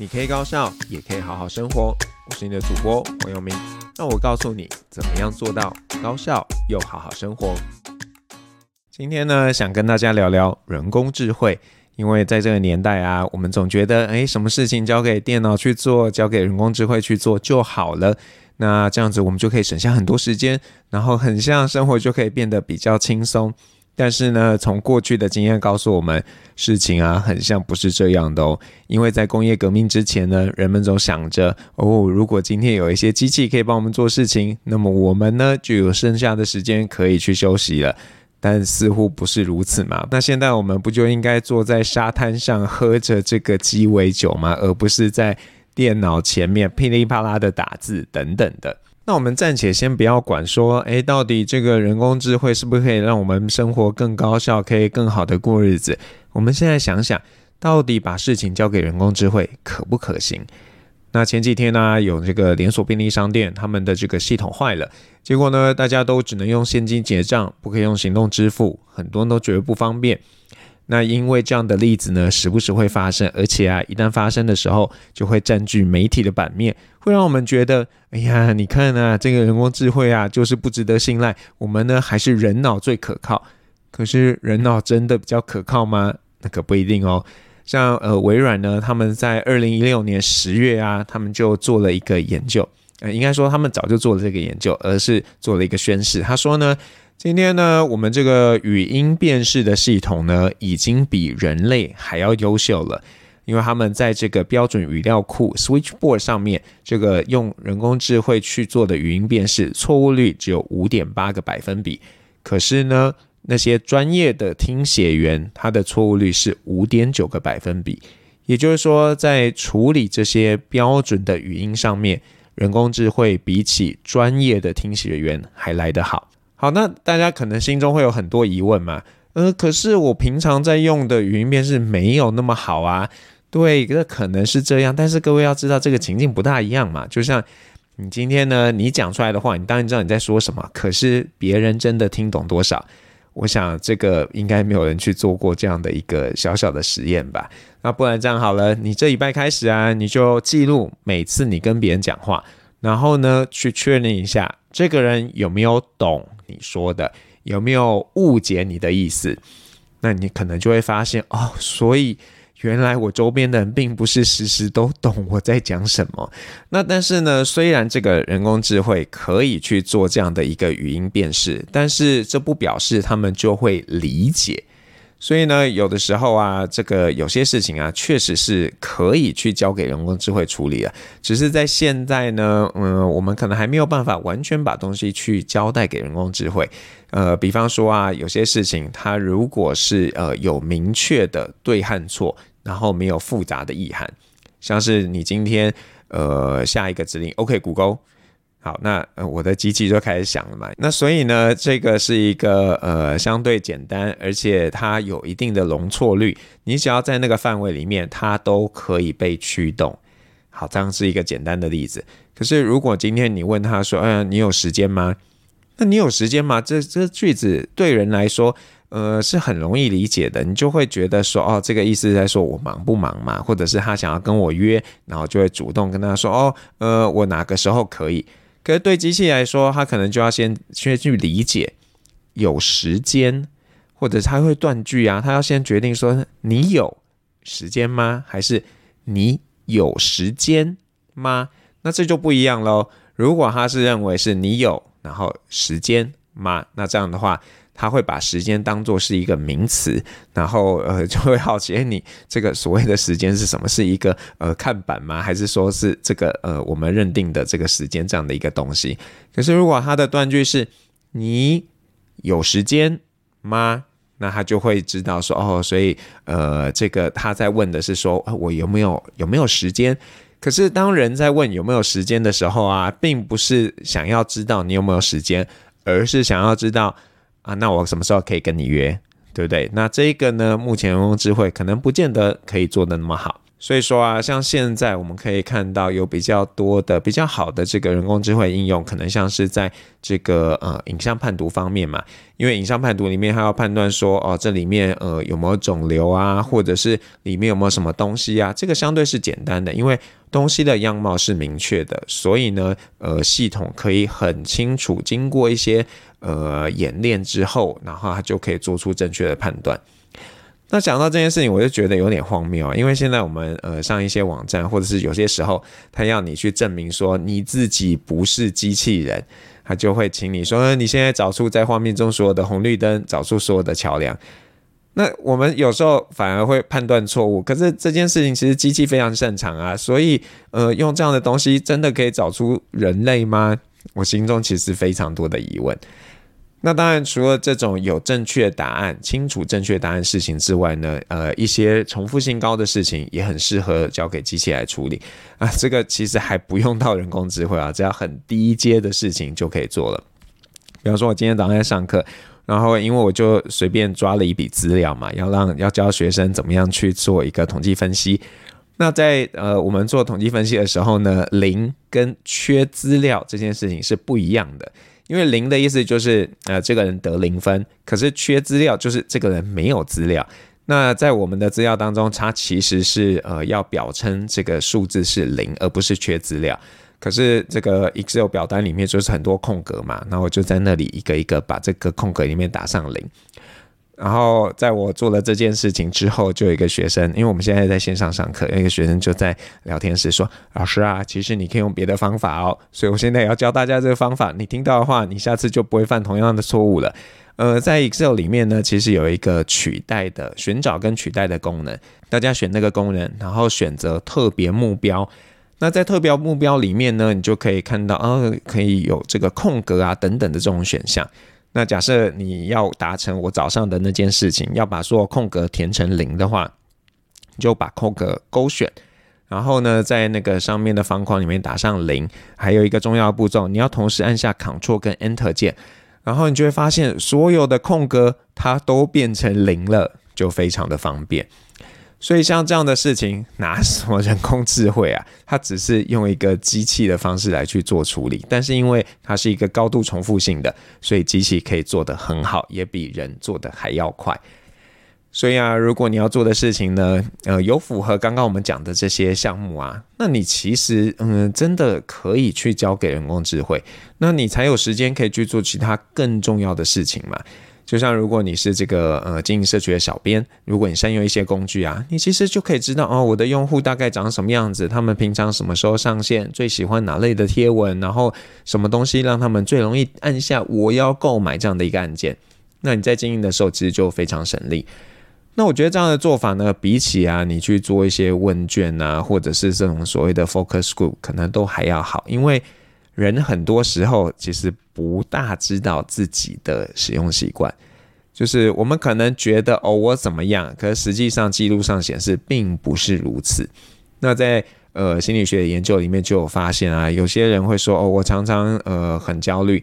你可以高效，也可以好好生活。我是你的主播黃友明，讓我告訴你怎麼樣做到高效又好好生活。今天呢，想跟大家聊聊人工智慧，因為在這個年代啊，我們總覺得，哎、欸，什麼事情交給電腦去做，交給人工智慧去做就好了。那這樣子，我們就可以省下很多時間，然後很像生活就可以變得比較輕鬆。但是呢，從過去的經驗告訴我們，事情啊很像不是這樣的哦。因為在工業革命之前呢，人們總想着，哦，如果今天有一些機器可以幫我們做事情，那麼我們呢就有剩下的時間可以去休息了。但似乎不是如此嘛？那現在我們不就應該坐在沙灘上喝着這個雞尾酒嗎？而不是在電腦前面噼裡啪啦的打字等等的。那我們暫且先不要管說，哎、欸，到底這個人工智慧是不是可以讓我們生活更高效，可以更好的過日子？我們現在想想，到底把事情交給人工智慧可不可行？那前幾天呢、啊，有這個連鎖便利商店，他們的這個系統壞了，結果呢，大家都只能用現金結賬，不可以用行動支付，很多人都覺得不方便。那因為這樣的例子呢，時不時會發生，而且啊，一旦發生的時候，就會佔據媒體的版面，會讓我們覺得，哎呀，你看啊，這個人工智慧啊，就是不值得信賴，我們呢，還是人腦最可靠。可是人腦真的比較可靠嗎？那可不一定哦。像呃微軟呢，他們在二零一六年十月啊，他們就做了一個研究，呃，應該說他們早就做了這個研究，而是做了一個宣示。他說呢。今天呢，我們這個語音辨識的系統呢，已經比人類還要優秀了，因為他們在這個標準語料庫 Switchboard 上面，這個用人工智慧去做的語音辨識錯誤率只有五點八個百分比，可是呢，那些專業的聽寫員，他的錯誤率是五點九個百分比，也就是說，在處理這些標準的語音上面，人工智慧比起專業的聽寫員還來得好。好，那大家可能心中會有很多疑問嘛。呃，可是我平常在用的語音辨識沒有那麼好啊。對，這可能是這樣。但是各位要知道，這個情境不大一樣嘛。就像你今天呢，你講出來的話，你當然知道你在說什麼，可是別人真的聽懂多少？我想這個應該沒有人去做過這樣的一個小小的實驗吧？那不然這樣好了，你這禮拜開始啊，你就記錄每次你跟別人講話，然後呢，去確認一下。這個人有沒有懂你說的？有沒有誤解你的意思？那你可能就會發現哦，所以原來我周邊的人並不是時時都懂我在講什麼。那但是呢，雖然這個人工智慧可以去做這樣的一個語音辨識，但是這不表示他們就會理解。所以呢，有的時候啊，這個有些事情啊，確實是可以去交給人工智慧處理的。只是在現在呢，嗯，我們可能還沒有辦法完全把東西去交代給人工智慧。呃，比方說啊，有些事情它如果是呃有明確的對和錯，然後沒有複雜的意涵，像是你今天呃下一個指令，OK，Google。OK, Google。好，那、呃、我的機器就開始響了嘛。那所以呢，這個是一個呃相對簡單，而且它有一定的容錯率。你只要在那個範圍裡面，它都可以被驅動。好，這樣是一個簡單的例子。可是如果今天你問他說：“嗯、呃，你有時間嗎？”那你有時間嗎？這這句子對人來說，呃，是很容易理解的。你就會覺得說：“哦，這個意思在說我忙不忙嘛？”或者是他想要跟我約，然後就會主動跟他說：“哦，呃，我哪個時候可以？”可是對機器來說，它可能就要先先去理解有時間，或者它會斷句啊，它要先決定說，你有時間嗎？還是你有時間嗎？那這就不一樣嘍。如果它是認為是你有，然後時間嗎？那這樣的話。他會把時間當作是一個名詞，然後呃就會好奇你，你這個所謂的時間是什麼？是一個呃看板嗎？還是說是這個呃我們認定的這個時間這樣的一個東西？可是如果他的斷句是“你有時間嗎”，那他就會知道說哦，所以呃這個他在問的是說、呃、我有沒有有沒有時間？可是當人在問有沒有時間的時候啊，並不是想要知道你有沒有時間，而是想要知道。啊，那我什麼時候可以跟你約，對不對？那這一個呢，目前人工智慧可能不見得可以做得那麼好，所以說啊，像現在我們可以看到有比較多的比較好的這個人工智慧應用，可能像是在這個呃影像判讀方面嘛，因為影像判讀裡面還要判斷說哦、呃、這裡面呃有沒有腫瘤啊，或者是裡面有沒有什麼東西啊，這個相對是簡單的，因為。東西的樣貌是明確的，所以呢，呃，系統可以很清楚。經過一些呃演練之後，然後它就可以做出正確的判斷。那講到這件事情，我就覺得有點荒謬啊，因為現在我們呃上一些網站，或者是有些時候他要你去證明說你自己不是機器人，他就會請你說，呃，你現在找出在畫面中所有的紅綠燈，找出所有的橋梁。那我們有時候反而會判斷錯誤，可是這件事情其實機器非常擅長啊，所以呃，用這樣的東西真的可以找出人類嗎？我心中其實非常多的疑問。那當然，除了這種有正確答案、清楚正確答案事情之外呢，呃，一些重複性高的事情也很適合交給機器來處理啊。呃，這個其實還不用到人工智慧啊，只要很低階的事情就可以做了。比方說，我今天早上在上課，然後因為我就隨便抓了一筆資料嘛，要讓要教學生怎麼樣去做一個統計分析。那在呃，我們做統計分析的時候呢，零跟缺資料這件事情是不一樣的，因為零的意思就是呃，這個人得零分，可是缺資料就是這個人沒有資料。那在我們的資料當中，它其實是呃要表稱這個數字是零，而不是缺資料。可是這個 Excel 表單裡面就是很多空格嘛，那我就在那裡一個一個把這個空格裡面打上零。然後在我做了這件事情之後，就有一個學生，因為我們現在在線上上課，一、那個學生就在聊天室說：“老師啊，其實你可以用別的方法哦。”所以我現在要教大家這個方法，你聽到的話，你下次就不會犯同樣的錯誤了。呃，在 Excel 裡面呢，其實有一個取代的尋找跟取代的功能，大家選那個功能，然後選擇特別目標。那在特別目標裡面呢，你就可以看到，啊，可以有這個空格啊等等的這種選項。那假設你要達成我早上的那件事情，要把所有空格填成零的話，就把空格勾選，然後呢，在那個上面的方框裡面打上零。還有一個重要步驟，你要同時按下 Ctrl 跟 Enter 鍵，然後你就會發現所有的空格它都變成零了，就非常的方便。所以像這樣的事情，拿什麼人工智慧啊？它只是用一個機器的方式來去做處理。但是因為它是一個高度重複性的，所以機器可以做得很好，也比人做得還要快。所以啊，如果你要做的事情呢，呃，有符合剛剛我們講的這些項目啊，那你其實，嗯，真的可以去交給人工智慧，那你才有時間可以去做其他更重要的事情嘛。就像如果你是這個呃經營社群的小編，如果你善用一些工具啊，你其實就可以知道哦，我的用戶大概長什麼樣子，他們平常什麼時候上線，最喜歡哪類的貼文，然後什麼東西讓他們最容易按下我要購買這樣的一個按鍵，那你在經營的時候其實就非常省力。那我覺得這樣的做法呢，比起啊你去做一些問卷啊，或者是這種所謂的 focus group，可能都還要好，因為人很多時候其實。不大知道自己的使用習慣，就是我們可能覺得哦，我怎麼樣，可是實際上記錄上顯示並不是如此。那在呃心理學的研究裡面就有發現啊，有些人會說哦，我常常呃很焦慮，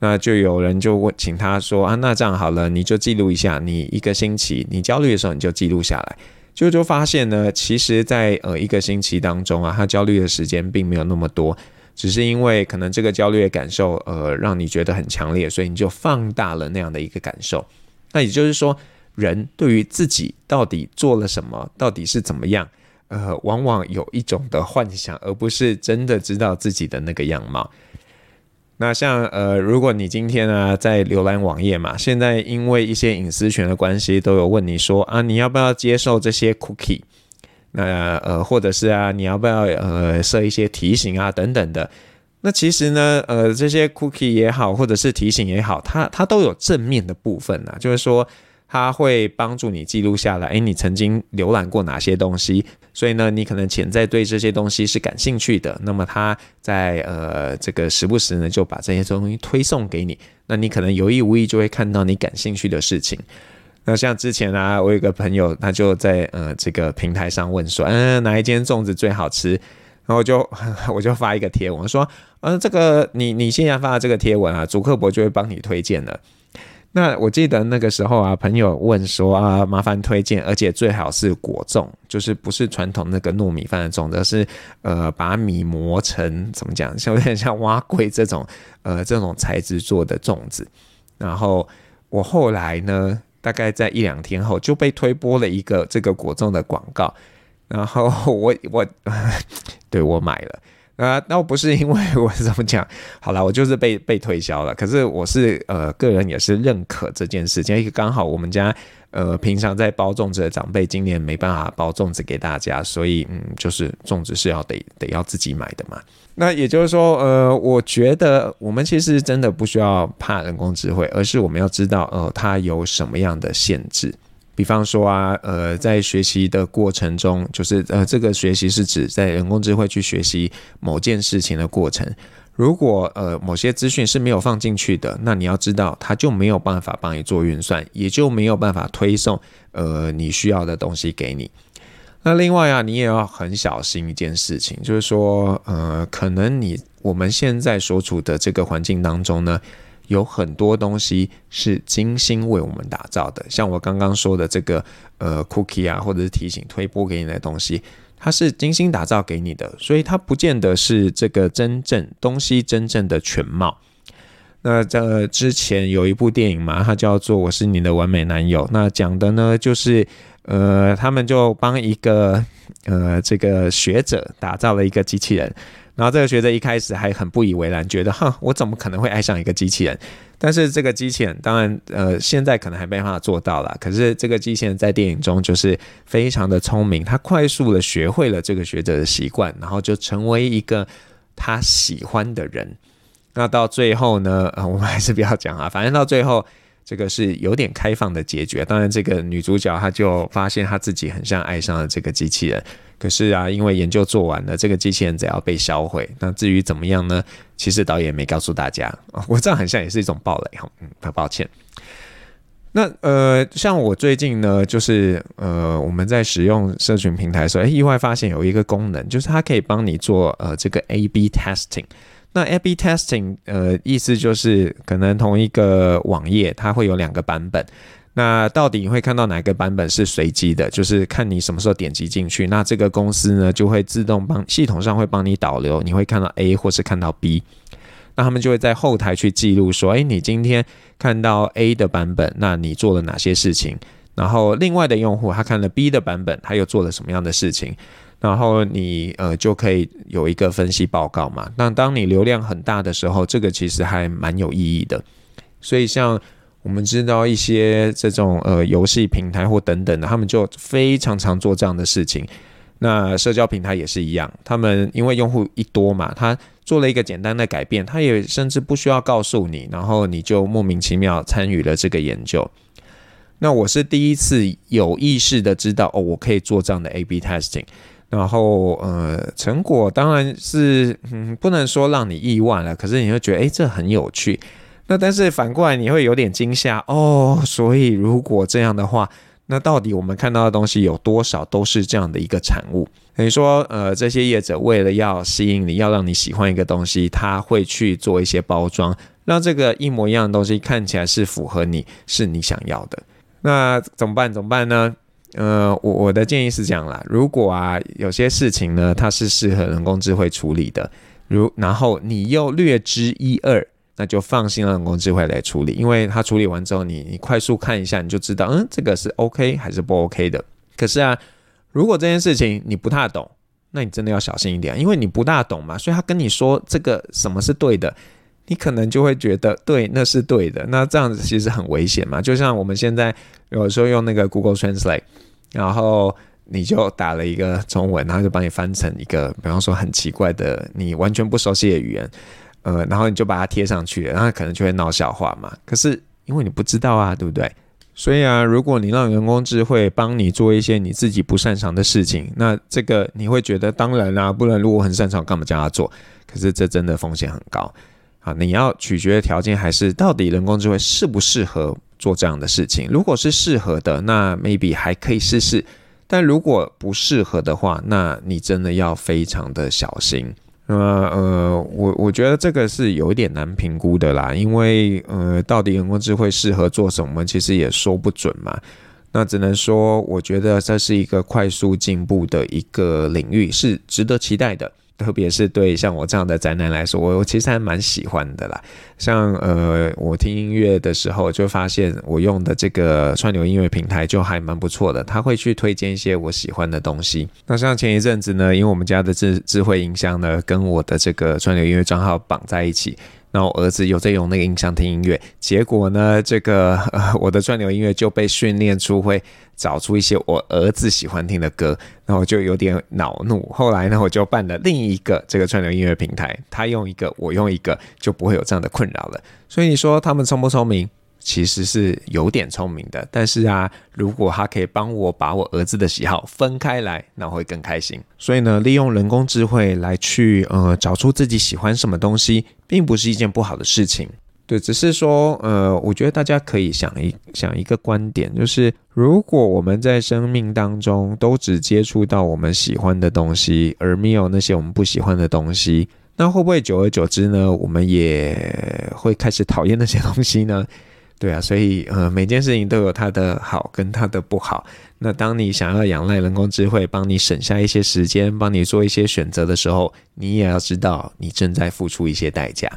那就有人就問請他說啊，那這樣好了，你就記錄一下，你一個星期你焦慮的時候你就記錄下來，就就發現呢，其實在，在呃一個星期當中啊，他焦慮的時間並沒有那麼多。只是因為可能這個焦慮的感受，呃，讓你覺得很強烈，所以你就放大了那樣的一個感受。那也就是說，人對於自己到底做了什麼，到底是怎麼樣，呃，往往有一種的幻想，而不是真的知道自己的那個樣貌。那像呃，如果你今天呢，啊，在瀏覽網頁嘛，現在因為一些隱私權的關係，都有問你說啊，你要不要接受這些 cookie？呃，呃，或者是啊，你要不要呃設一些提醒啊，等等的？那其實呢，呃，這些 cookie 也好，或者是提醒也好，它它都有正面的部分呢、啊，就是說它會幫助你記錄下來，誒、欸，你曾經瀏覽過哪些東西，所以呢，你可能潛在對這些東西是感興趣的。那麼它在呃這個時不時呢，就把這些東西推送給你，那你可能有意無意就會看到你感興趣的事情。那像之前啊，我有個朋友，他就在呃這個平台上問說，嗯、呃，哪一間粽子最好吃？然後我就我就發一個貼文，我說，嗯、呃，這個你你現在發的這個貼文啊，祖克柏就會幫你推薦了。那我記得那個時候啊，朋友問說啊，麻煩推薦，而且最好是果粽，就是不是傳統那個糯米飯的粽子，而是呃把米磨成怎麼講，像有點像碗粿這種呃這種材質做的粽子。然後我後來呢，大概在一兩天後就被推播了一個這個果粽的廣告，然後我我 對，我買了。啊，倒、呃、不是因為我怎麼講？好啦，我就是被被推銷了。可是我是呃，個人也是認可這件事情，因為剛好我們家呃，平常在包粽子的長輩今年沒辦法包粽子給大家，所以嗯，就是粽子是要得得要自己買的嘛。那也就是說，呃，我覺得我們其實真的不需要怕人工智慧，而是我們要知道呃，它有什麼樣的限制。比方說啊，呃，在學習的過程中，就是呃，這個學習是指在人工智慧去學習某件事情的過程。如果呃某些資訊是沒有放進去的，那你要知道，它就沒有辦法幫你做運算，也就沒有辦法推送呃你需要的東西給你。那另外啊，你也要很小心一件事情，就是說，呃，可能你我們現在所處的這個環境當中呢，有很多東西是精心為我們打造的，像我剛剛說的這個呃 cookie 啊，或者是提醒推播給你的東西，它是精心打造給你的，所以它不見得是這個真正東西真正的全貌。那這、呃、之前有一部電影嘛，它叫做《我是你的完美男友》，那講的呢就是呃，他們就幫一個呃這個學者打造了一個機器人。然後這個學者一開始還很不以為然，覺得哼，我怎麼可能會愛上一個機器人？但是這個機器人當然，呃，現在可能還沒辦法做到了。可是這個機器人在電影中就是非常的聰明，他快速的學會了這個學者的習慣，然後就成為一個他喜歡的人。那到最後呢，呃，我們還是不要講啊，反正到最後這個是有點開放的結局。當然，這個女主角她就發現她自己很像愛上了這個機器人。可是啊，因為研究做完了，這個機器人只要被銷毀。那至於怎麼樣呢？其實導演沒告訴大家。哦，我這樣很像也是一種暴雷哈，嗯，很抱歉。那呃，像我最近呢，就是呃，我們在使用社群平台的時候，候，欸，意外發現有一個功能，就是它可以幫你做呃這個 A/B testing。那 A/B testing，呃，意思就是可能同一個網頁它會有兩個版本。那到底你會看到哪個版本是隨機的？就是看你什麼時候點擊進去，那這個公司呢，就會自動幫系統上會幫你導流，你會看到 A 或是看到 B，那他們就會在後台去記錄說，誒，你今天看到 A 的版本，那你做了哪些事情？然後另外的用戶他看了 B 的版本，他又做了什麼樣的事情？然後你呃就可以有一個分析報告嘛。那當你流量很大的時候，這個其實還蠻有意義的。所以像。我們知道一些這種呃遊戲平台或等等的，他們就非常常做這樣的事情。那社交平台也是一樣，他們因為用戶一多嘛，他做了一個簡單的改變，他也甚至不需要告訴你，然後你就莫名其妙參與了這個研究。那我是第一次有意識的知道哦，我可以做這樣的 A/B testing。然後呃，成果當然是嗯不能說讓你意外了，可是你會覺得哎，這很有趣。那但是反過來你會有點驚嚇哦，所以如果這樣的話，那到底我們看到的東西有多少都是這樣的一個產物？等於說，呃，這些業者為了要吸引你，要讓你喜歡一個東西，他會去做一些包裝，讓這個一模一樣的東西看起來是符合你，是你想要的。那怎麼辦？怎麼辦呢？呃，我我的建議是這樣啦。如果啊，有些事情呢，它是適合人工智慧處理的，如然後你又略知一二。那就放心讓人工智慧來處理，因為他處理完之後你，你你快速看一下，你就知道，嗯，這個是 OK 還是不 OK 的。可是啊，如果這件事情你不太懂，那你真的要小心一點，因為你不大懂嘛，所以他跟你說這個什麼是對的，你可能就會覺得對，那是對的，那這樣子其實很危險嘛。就像我們現在有時候用那個 Google Translate，然後你就打了一個中文，然後就幫你翻成一個，比方說很奇怪的你完全不熟悉的語言。呃，然後你就把它貼上去，然後可能就會鬧笑話嘛。可是因為你不知道啊，對不對？所以啊，如果你讓人工智慧幫你做一些你自己不擅長的事情，那這個你會覺得當然啊，不然如果很擅長，幹嘛叫他做？可是這真的風險很高啊！你要取決的條件還是到底人工智慧適不適合做這樣的事情。如果是適合的，那 maybe 還可以試試；但如果不適合的話，那你真的要非常的小心。那麼，呃，我我覺得這個是有點難評估的啦，因為，呃，到底人工智慧適合做什麼，其實也說不準嘛。那只能說，我覺得這是一個快速進步的一個領域，是值得期待的。特別是對像我這樣的宅男來說，我我其實還蠻喜歡的啦。像呃，我聽音樂的時候，就發現我用的這個串流音樂平台就還蠻不錯的，他會去推薦一些我喜歡的東西。那像前一陣子呢，因為我們家的智智慧音箱呢，跟我的這個串流音樂賬號綁在一起。然後我兒子又在用那個音箱聽音樂，結果呢，這個、呃、我的串流音樂就被訓練出會找出一些我兒子喜歡聽的歌，然後我就有點惱怒。後來呢，我就辦了另一個這個串流音樂平台，他用一個，我用一個，就不會有這樣的困擾了。所以你說他們聰不聰明？其實是有點聰明的，但是啊，如果他可以幫我把我兒子的喜好分開來，那會更開心。所以呢，利用人工智慧來去呃找出自己喜歡什麼東西，並不是一件不好的事情。對，只是說呃，我覺得大家可以想一想一個觀點，就是如果我們在生命當中都只接觸到我們喜歡的東西，而沒有那些我們不喜歡的東西，那會不會久而久之呢，我們也會開始討厭那些東西呢？對啊，所以呃、嗯，每件事情都有它的好跟它的不好。那當你想要仰賴人工智慧幫你省下一些時間，幫你做一些選擇的時候，你也要知道你正在付出一些代價。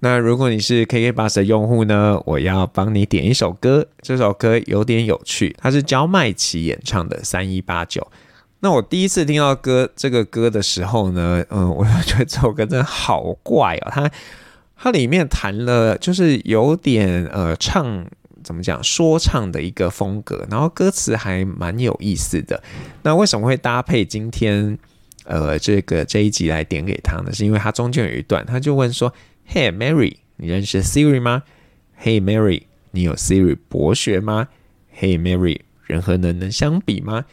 那如果你是 KKBOX 的用戶呢，我要幫你點一首歌，這首歌有點有趣，它是焦邁奇演唱的《3189》。那我第一次聽到歌這個歌的時候呢，嗯，我覺得這首歌真的好怪哦、喔，它。它裡面談了，就是有點呃唱怎麼講說唱的一個風格，然後歌詞還蠻有意思的。那為什麼會搭配今天呃這個這一集來點給他呢？是因為他中間有一段，他就問說：“Hey Mary，你認識 Siri 嗎？Hey Mary，你有 Siri 博學嗎？Hey Mary，人和人能相比嗎？”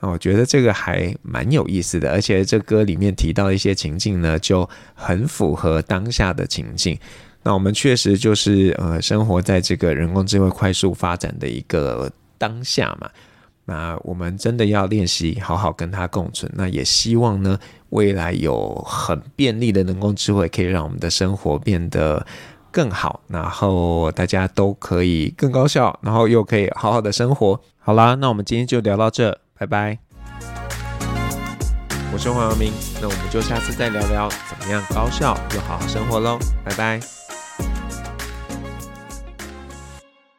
那我覺得這個還蠻有意思的，而且這歌裡面提到一些情境呢，就很符合當下的情境。那我們確實就是呃，生活在這個人工智慧快速發展的一個當下嘛。那我們真的要練習好好跟它共存。那也希望呢，未來有很便利的人工智慧，可以讓我們的生活變得更好，然後大家都可以更高效，然後又可以好好的生活。好啦，那我們今天就聊到這。拜拜，我是黃揚名，那我們就下次再聊聊怎麼樣高效又好好生活嘍，拜拜。